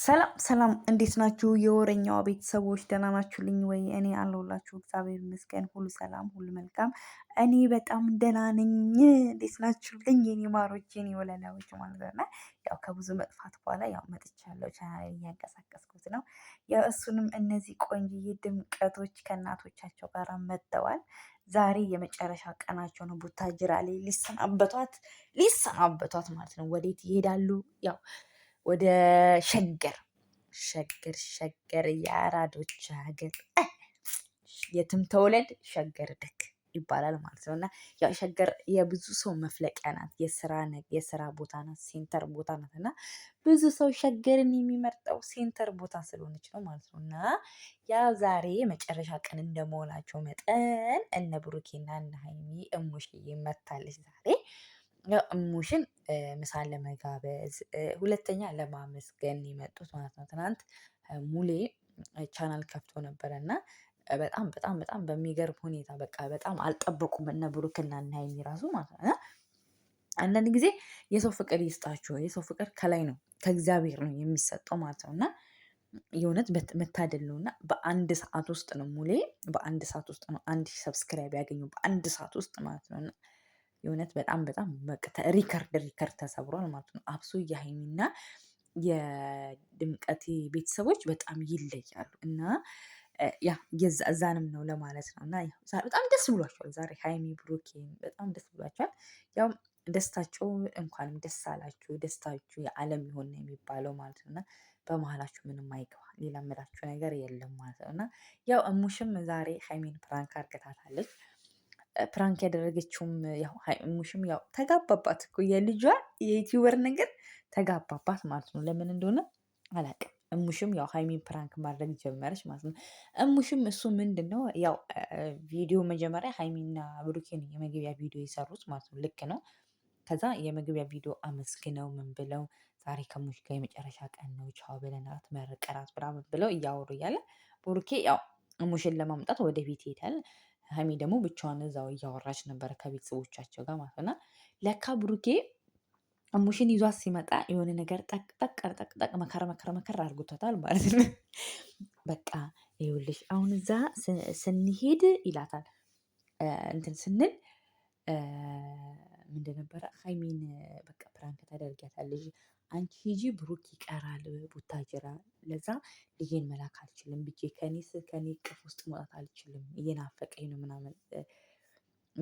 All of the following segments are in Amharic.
ሰላም ሰላም፣ እንዴት ናችሁ የወረኛዋ ቤተሰቦች? ደህና ናችሁልኝ ወይ? እኔ አለሁላችሁ። እግዚአብሔር ይመስገን፣ ሁሉ ሰላም፣ ሁሉ መልካም። እኔ በጣም ደህና ነኝ። እንዴት ናችሁልኝ የኔ ማሮች፣ የኔ ወለላዎች ማለት ነው። ያው ከብዙ መጥፋት በኋላ ያው መጥቻለሁ። ቻናል እያንቀሳቀስኩት ነው። ያው እሱንም እነዚህ ቆንጅዬ ድምቀቶች ከእናቶቻቸው ጋር መጥተዋል። ዛሬ የመጨረሻ ቀናቸው ነው። ቡታጅራ ላይ ሊሰናበቷት ሊሰናበቷት ማለት ነው። ወዴት ይሄዳሉ ያው ወደ ሸገር ሸገር ሸገር የአራዶች ሀገር የትም ተወለድ ሸገር ደግ ይባላል ማለት ነው። እና ያው ሸገር የብዙ ሰው መፍለቂያ ናት፣ የስራ ቦታ ናት፣ ሴንተር ቦታ ናት። እና ብዙ ሰው ሸገርን የሚመርጠው ሴንተር ቦታ ስለሆነች ነው ማለት ነው። እና ያ ዛሬ መጨረሻ ቀን እንደመሆናቸው መጠን እነ ብሩኬና እነ ሀይሚ እሙሽ መታለች ዛሬ እሙሽን ምሳን ለመጋበዝ ሁለተኛ ለማመስገን የመጡት ማለት ነው። ትናንት ሙሌ ቻናል ከፍቶ ነበረ እና በጣም በጣም በጣም በሚገርም ሁኔታ በቃ በጣም አልጠበቁም እነ ብሩክና ሀይሚ ራሱ ማለት ነው። አንዳንድ ጊዜ የሰው ፍቅር ይስጣችሁ። የሰው ፍቅር ከላይ ነው ከእግዚአብሔር ነው የሚሰጠው ማለት ነው እና የእውነት መታደል ነው እና በአንድ ሰዓት ውስጥ ነው ሙሌ በአንድ ሰዓት ውስጥ ነው አንድ ሰብስክራይብ ያገኙ በአንድ ሰዓት ውስጥ ማለት ነው እና የእውነት በጣም በጣም ሪከርድ ሪከርድ ተሰብሯል ማለት ነው። አብሶ የሀይሚና የድምቀቴ ቤተሰቦች በጣም ይለያሉ እና ያ እዛንም ነው ለማለት ነው። እና በጣም ደስ ብሏቸዋል ዛሬ ሀይሚ ብሩኬ በጣም ደስ ብሏቸዋል። ያው ደስታቸው እንኳንም ደስ አላችሁ ደስታችሁ የዓለም ይሆን ነው የሚባለው ማለት ነው። እና በመሀላችሁ ምንም አይገባ ሌላ ምላችሁ ነገር የለም ማለት ነው። እና ያው እሙሽም ዛሬ ሀይሚን ፕራንክ አርገታታለች። ፕራንክ ያደረገችውም ሙሽም ያው ተጋባባት እኮ የልጇ የዩቲዩበር ነገር ተጋባባት ማለት ነው። ለምን እንደሆነ አላቅም። እሙሽም ያው ሀይሚን ፕራንክ ማድረግ ጀመረች ማለት ነው። እሙሽም እሱ ምንድን ነው ያው ቪዲዮ መጀመሪያ ሀይሚና ብሩኬን የመግቢያ ቪዲዮ የሰሩት ማለት ነው። ልክ ነው። ከዛ የመግቢያ ቪዲዮ አመስግነው ምን ብለው ዛሬ ከሙሽ ጋር የመጨረሻ ቀን ነው፣ ቻው ብለናት መረቀናት ብራም ብለው እያወሩ እያለ ብሩኬ ያው እሙሽን ለማምጣት ወደ ቤት ይሄዳል። ሀሚ ደግሞ ብቻዋን እዛው እያወራች ነበረ ከቤተሰቦቻቸው ጋር ማለት ነው። ለካ ብሩኬ እሙሽን ይዟት ሲመጣ የሆነ ነገር ጠቅጠቅ ጠቅጠቅ መከር መከር መከር አድርጎታታል ማለት ነው። በቃ ይኸውልሽ አሁን እዛ ስንሄድ ይላታል እንትን ስንል እንደነበረ ሀይሚን በቃ ፕራንክ ታደርጊያታለሽ፣ አንቺ ሂጂ ብሩክ ይቀራል ቡታጅራ፣ ለዛ ልጄን መላክ አልችልም፣ ብቼ ከኔስ ከኔ ቅፍ ውስጥ መውጣት አልችልም፣ እየናፈቀኝ ነው ምናምን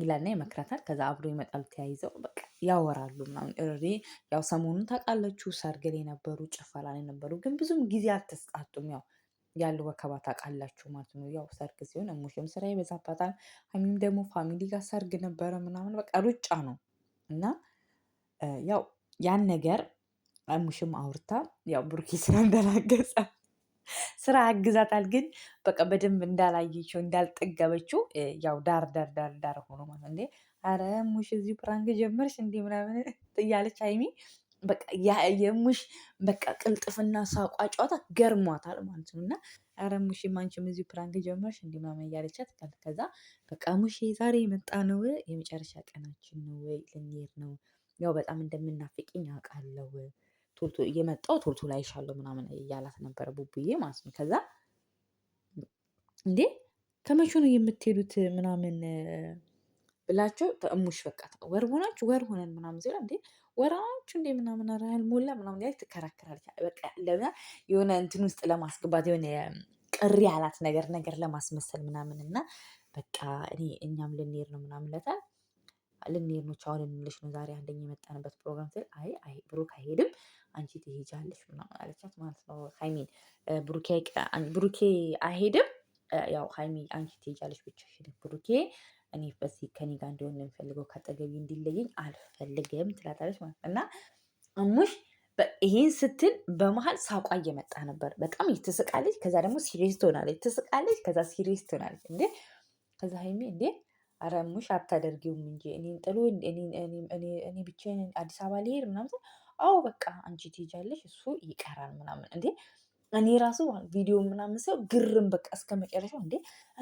ይላልና ይመክራታል። ከዛ አብሮ ይመጣል። ተያይዘው በቃ ያወራሉ ምናምን እሬ ያው ሰሞኑን ታውቃለችሁ፣ ሰርግ ላይ ነበሩ፣ ጭፈራ ላይ ነበሩ። ግን ብዙም ጊዜ አልተስጣጡም። ያው ያለው ወከባ ታውቃላችሁ ማለት ነው። ያው ሰርግ ሲሆን ሙሽም ስራ ይበዛባታል። ሀይሚም ደግሞ ፋሚሊ ጋር ሰርግ ነበረ ምናምን በቃ ሩጫ ነው። እና ያው ያን ነገር ሙሽም አውርታ ያው ብሩኬ ስራ እንዳላገዛ ስራ አግዛታል፣ ግን በቃ በደንብ እንዳላየችው እንዳልጠገበችው ያው ዳር ዳር ዳር ዳር ሆኖ ማለት እንዴ፣ አረ ሙሽ እዚህ ፕራንክ ጀመርሽ እንዲህ ምናምን እያለች ሀይሚ በቃ የሙሽ በቃ ቅልጥፍና ሳቋ ጨዋታ ገርሟታል ማለት ነው። እና አረ ሙሽ ማንችም እዚሁ ፕራንክ ጀመርሽ እንዲ ማመ እያለቻት ከዛ በቃ ሙሽ ዛሬ የመጣ ነው የመጨረሻ ቀናችን ነው ልንሄድ ነው። ያው በጣም እንደምናፍቅኝ አውቃለሁ። ቶልቶ እየመጣው ቶልቶ ላይ ይሻለው ምናምን እያላት ነበረ ቡቡዬ ማለት ነው። ከዛ እንዴ ከመቼ ነው የምትሄዱት ምናምን ብላቸው ሙሽ በቃ ወር ሆናችሁ ወር ሆነን ምናምን ሲላ እንዴ ወራችሁ እንደ ምናምን ኧረ ያልሞላ ምናምን ላይ ትከራከራለች። በቃ ለምና የሆነ እንትን ውስጥ ለማስገባት የሆነ ቅሪ ያላት ነገር ነገር ለማስመሰል ምናምን እና በቃ እኔ እኛም ልንሄድ ነው ምናምን ለታል ልንሄድ ነው ቻው ልንልሽ ነው ዛሬ አንደኛ የመጣንበት ፕሮግራም ስል አይ አይ ብሩክ አይሄድም አንቺ ትሄጃለሽ ምናምን አለቻት ማለት ነው። ሀይሚን ብሩኬ አይሄድም ያው ሀይሚ አንቺ ትሄጃለሽ ብቻሽን ብሩኬ እኔ በዚህ ከኔ ጋር እንዲሆን ነው የምፈልገው ከአጠገቢ እንዲለየኝ አልፈልግም ትላታለች ማለት እና እሙሽ ይህን ስትል በመሀል ሳቋ እየመጣ ነበር። በጣም ትስቃለች፣ ከዛ ደግሞ ሲሪየስ ትሆናለች። ትስቃለች፣ ከዛ ሲሪየስ ትሆናለች። እንዴ ከዛ ሀይሚ እንዴ አረ እሙሽ አታደርጊውም እንጂ እኔን ጥሎ እኔ ብቻዬን አዲስ አበባ ሊሄድ ምናምን። አዎ በቃ አንቺ ትሄጃለሽ እሱ ይቀራል ምናምን እንዴ እኔ ራሱ ቪዲዮ ምናምን ሰው ግርም በቃ እስከ መጨረሻው እንዴ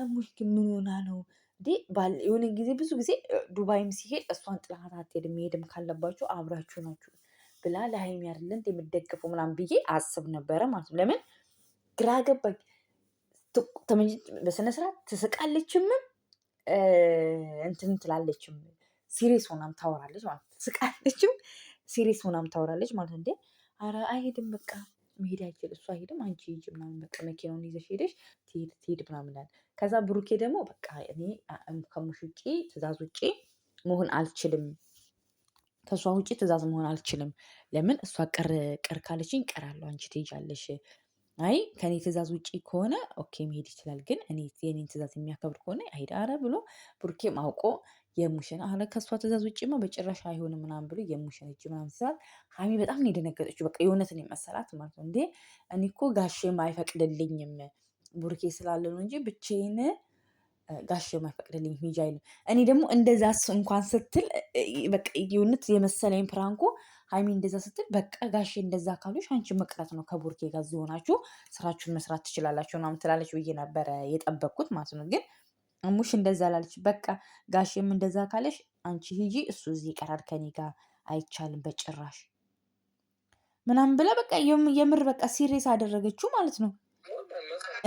እሙሽ ምን ሆና ነው እንዴ? የሆነ ጊዜ ብዙ ጊዜ ዱባይም ሲሄድ እሷን ጥላት አትሄድም፣ ሄድም ካለባችሁ አብራችሁ ናችሁ ብላ ለሀይሚ አይደለ እንደ የምደገፈው ምናምን ብዬ አስብ ነበረ ማለት ነው። ለምን ግራ ገባኝ። በስነስርዓት ትስቃለችም እንትን ትላለችም፣ ሲሪስ ሆናም ታወራለች ማለት ትስቃለችም፣ ሲሪስ ሆናም ታወራለች ማለት እንዴ፣ ኧረ አይሄድም በቃ መሄድ አይችል እሷ ሄድም አንቺ ሂጂ ምናምን በቃ መኪናውን ይዘሽ ሄደሽ ትሄድ ትሄድ ምናምን ከዛ ብሩኬ ደግሞ በቃ እኔ ከሙሽ ውጪ ትእዛዝ ውጪ መሆን አልችልም ከእሷ ውጪ ትእዛዝ መሆን አልችልም። ለምን እሷ ቅር ቅር ካለችኝ ቀራለሁ፣ አንቺ ትሄጃለሽ። አይ ከእኔ ትእዛዝ ውጪ ከሆነ ኦኬ መሄድ ይችላል፣ ግን እኔ የኔን ትእዛዝ የሚያከብር ከሆነ አይዳረ ብሎ ብሩኬም አውቆ የሙሽን አሁን ከእሷ ትእዛዝ ውጭማ በጭራሽ አይሆንም ምናምን ብሎ የሙሽን እጅ ምናምን ሲላት ሀሚ በጣም ነው የደነገጠችው። በቃ ነው የመሰላት ማለት ነው። እንዴ እኔ እኮ ጋሼም አይፈቅድልኝም ቡርኬ ስላለ ነው እንጂ ብቼን ጋሼ አይፈቅድልኝ ሂጅ አይልም። እኔ ደግሞ እንደዛ እንኳን ስትል በቃ የእውነት የመሰለኝ ፕራንኮ ሀይሚ እንደዛ ስትል በቃ ጋሼ እንደዛ ካሉሽ አንቺ መቅረት ነው ከቡርኬ ጋር ዝሆናችሁ ስራችሁን መስራት ትችላላችሁ ምናምን ትላለች ብዬ ነበረ የጠበቅኩት ማለት ነው ግን እሙሽ እንደዛ ላለች፣ በቃ ጋሽም እንደዛ ካለሽ አንቺ ሂጂ፣ እሱ እዚህ ይቀራል፣ ከኔ ጋር አይቻልም በጭራሽ ምናምን ብላ በቃ የምር በቃ ሲሬስ አደረገችው ማለት ነው።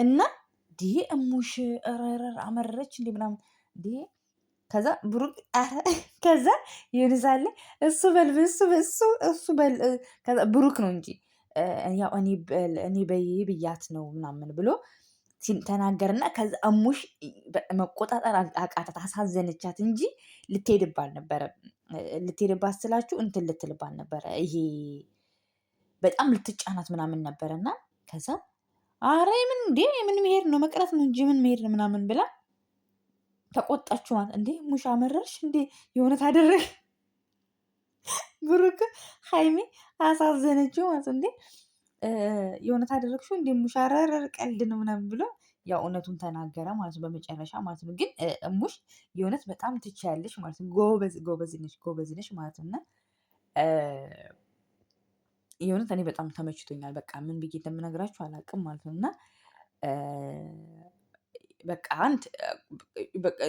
እና ዲሄ እሙሽ ረረር አመረረች እንዲ ምናምን ዲሄ ከዛ ብሩክ ከዛ ይንዛለ እሱ በልብ እሱ እሱ እሱ ብሩክ ነው እንጂ ያው እኔ በይ ብያት ነው ምናምን ብሎ ተናገርና ከዚ እሙሽ መቆጣጠር አቃታት፣ አሳዘነቻት እንጂ ልትሄድባል ነበረ። ልትሄድባት ስላችሁ እንትን ልትልባል ነበረ። ይሄ በጣም ልትጫናት ምናምን ነበረ ነበረና ከዛ አረ ምን እንዴ ምን መሄድ ነው መቅረት ነው እንጂ ምን መሄድ ነው ምናምን ብላ ተቆጣችኋት። እንዴ ሙሽ አመረርሽ እንዴ የሆነ አደረግ ብሩክ ሀይሜ አሳዘነችው ማለት እንዴ የሆነ ታደረግሽው እንደ እሙሽ አረረር ቀልድ ነው ምናምን ብሎ ያው እውነቱን ተናገረ ማለት ነው፣ በመጨረሻ ማለት ነው። ግን እሙሽ የእውነት በጣም ትችያለሽ ማለት ነው። ጎበዝ ጎበዝ ነሽ ጎበዝ ነሽ ማለት ነው። እና የእውነት እኔ በጣም ተመችቶኛል። በቃ ምን ብዬ እንደምነግራችሁ አላውቅም ማለት ነው። እና በቃ አንድ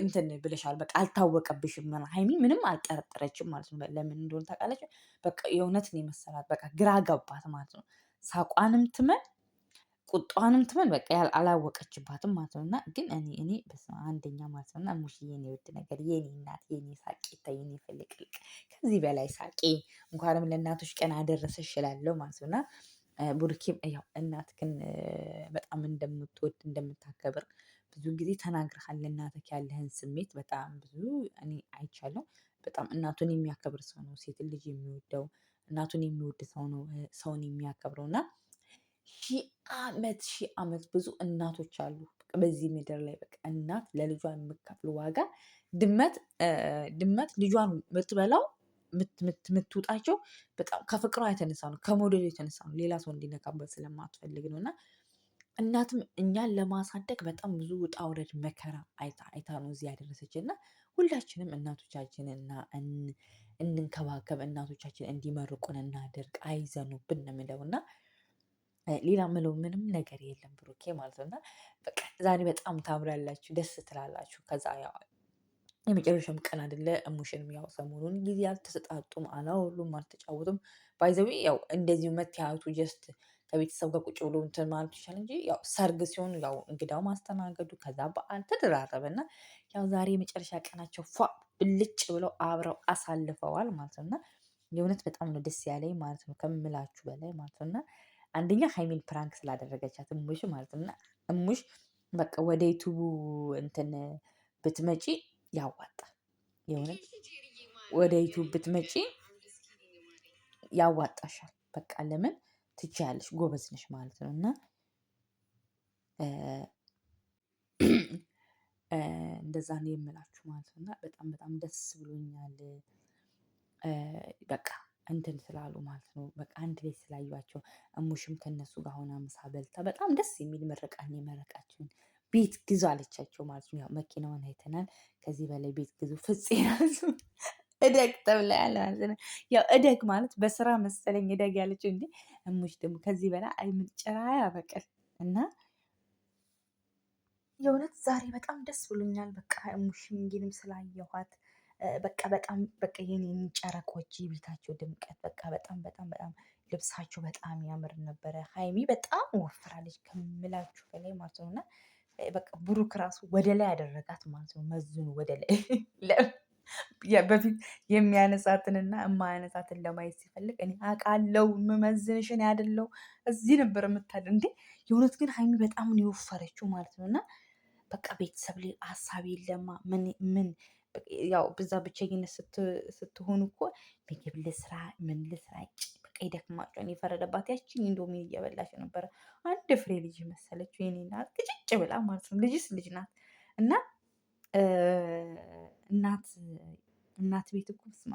እንትን ብለሻል። በቃ አልታወቀብሽም። ሀይሚ ምንም አልጠረጠረችም ማለት ነው። ለምን እንደሆነ ታውቃለች። በቃ የእውነት ነው የመሰላት። በቃ ግራ ገባት ማለት ነው። ሳቋንም ትመን ቁጣዋንም ትመን በቃ አላወቀችባትም ማለት ነው። እና ግን እኔ እኔ በስመ አብ አንደኛ ማለት ነው። እና ሙሽዬ የኔ ውድ ነገር የኔ እናት የኔ ሳቂታ የኔ ፍልቅልቅ ከዚህ በላይ ሳቂ እንኳንም ለእናቶች ቀን አደረሰ እላለሁ ማለት ነው። እና ቡርኪም ያው ግን በጣም እንደምትወድ እንደምታከብር ብዙ ጊዜ ተናግረሃል። ለእናትህ ያለህን ስሜት በጣም ብዙ እኔ አይቻለሁ። በጣም እናቱን የሚያከብር ሰው ነው ሴትን ልጅ የሚወደው እናቱን የሚወድ ሰው ነው ሰውን የሚያከብረው እና ሺህ ዓመት ሺህ ዓመት ብዙ እናቶች አሉ በዚህ ምድር ላይ በቃ እናት ለልጇ የምከፍል ዋጋ ድመት ድመት ልጇን የምትበላው የምትውጣቸው በጣም ከፍቅሯ የተነሳ ነው፣ ከመውደዱ የተነሳ ነው። ሌላ ሰው እንዲነካበት ስለማትፈልግ ነው። እና እናትም እኛን ለማሳደግ በጣም ብዙ ውጣ ውረድ መከራ አይታ አይታ ነው እዚህ ያደረሰች እና ሁላችንም እናቶቻችንና እንንከባከብ፣ እናቶቻችን እንዲመርቁን እናድርግ፣ አይዘኑብን ነው የምለው እና ሌላ ምለው ምንም ነገር የለም ብሩኬ ማለት ነው እና በቃ ዛሬ በጣም ታምራላችሁ፣ ደስ ትላላችሁ። ከዛ ያው የመጨረሻም ቀን አደለ እሙሽንም ያው ሰሞኑን ጊዜ አልተሰጣጡም፣ አላወሉም፣ አልተጫወቱም። ባይዘዊ ያው እንደዚሁ መተያየቱ ጀስት ከቤተሰብ ጋር ቁጭ ብሎ እንትን ማለት ይቻል እንጂ ያው ሰርግ ሲሆን ያው እንግዳው ማስተናገዱ ከዛ በዓል ተደራረበ እና ያው ዛሬ የመጨረሻ ቀናቸው ፏ ብልጭ ብለው አብረው አሳልፈዋል ማለት ነው እና የእውነት በጣም ነው ደስ ያለኝ ማለት ነው ከምላችሁ በላይ ማለት ነው እና አንደኛ ሀይሚን ፕራንክ ስላደረገቻት እሙሽ ማለት ነው እና እሙሽ በቃ ወደ ዩቱቡ እንትን ብትመጪ ያዋጣል የእውነት ወደ ዩቱብ ብትመጪ ያዋጣሻል በቃ ለምን ትችያለሽ፣ ጎበዝ ነሽ ማለት ነው እና እንደዛ ነው የምላችሁ ማለት ነው እና በጣም በጣም ደስ ብሎኛል። በቃ እንትን ስላሉ ማለት ነው በቃ አንድ ላይ ስላዩቸው እሙሽም ከነሱ ጋር ሆና ምሳ በልታ በጣም ደስ የሚል መረቃን የመረቃችን ቤት ግዙ አለቻቸው ማለት ነው። ያው መኪናውን አይተናል። ከዚህ በላይ ቤት ግዙ ፍጽ ናሱ እደግ ተብላ ያለ ያው እደግ ማለት በስራ መሰለኝ እደግ ያለችው እንጂ እሙሽ ደግሞ ከዚህ በላይ ጭራ ያበቅል እና የእውነት ዛሬ በጣም ደስ ብሎኛል። በቃ እሙሽ እንግዲህም ስላየኋት በቃ በጣም በቃ የኔን ጨረቆች የቤታቸው ድምቀት በቃ በጣም በጣም በጣም ልብሳቸው በጣም ያምር ነበረ። ሀይሚ በጣም ወፍራለች ከምላችሁ በላይ ማለት ነው እና በቃ ብሩክ ራሱ ወደ ላይ ያደረጋት ማለት ነው መዝኑ ወደ ላይ በፊት የሚያነጻትንና የማያነጻትን ለማየት ሲፈልግ እኔ አውቃለሁ የምመዝንሽን ያደለው እዚህ ነበር የምታደ እንዴ የእውነት ግን ሀይሚ በጣም ነው የወፈረችው ማለት ነው። እና በቃ ቤተሰብ ላይ ሀሳብ የለማ ምን ምን ያው ብዛ ብቸኝነት ስትሆኑ እኮ ምግብ ልስራ ምን ልስራ ጭ በቃ ይደክማቸውን የፈረደባት ያችን ኢንዶሚ እየበላች ነበረ። አንድ ፍሬ ልጅ መሰለችው የኔ ናት ቅጭጭ ብላ ማለት ነው። ልጅስ ልጅ ናት እና እናት እናት ቤት እኮ ስማ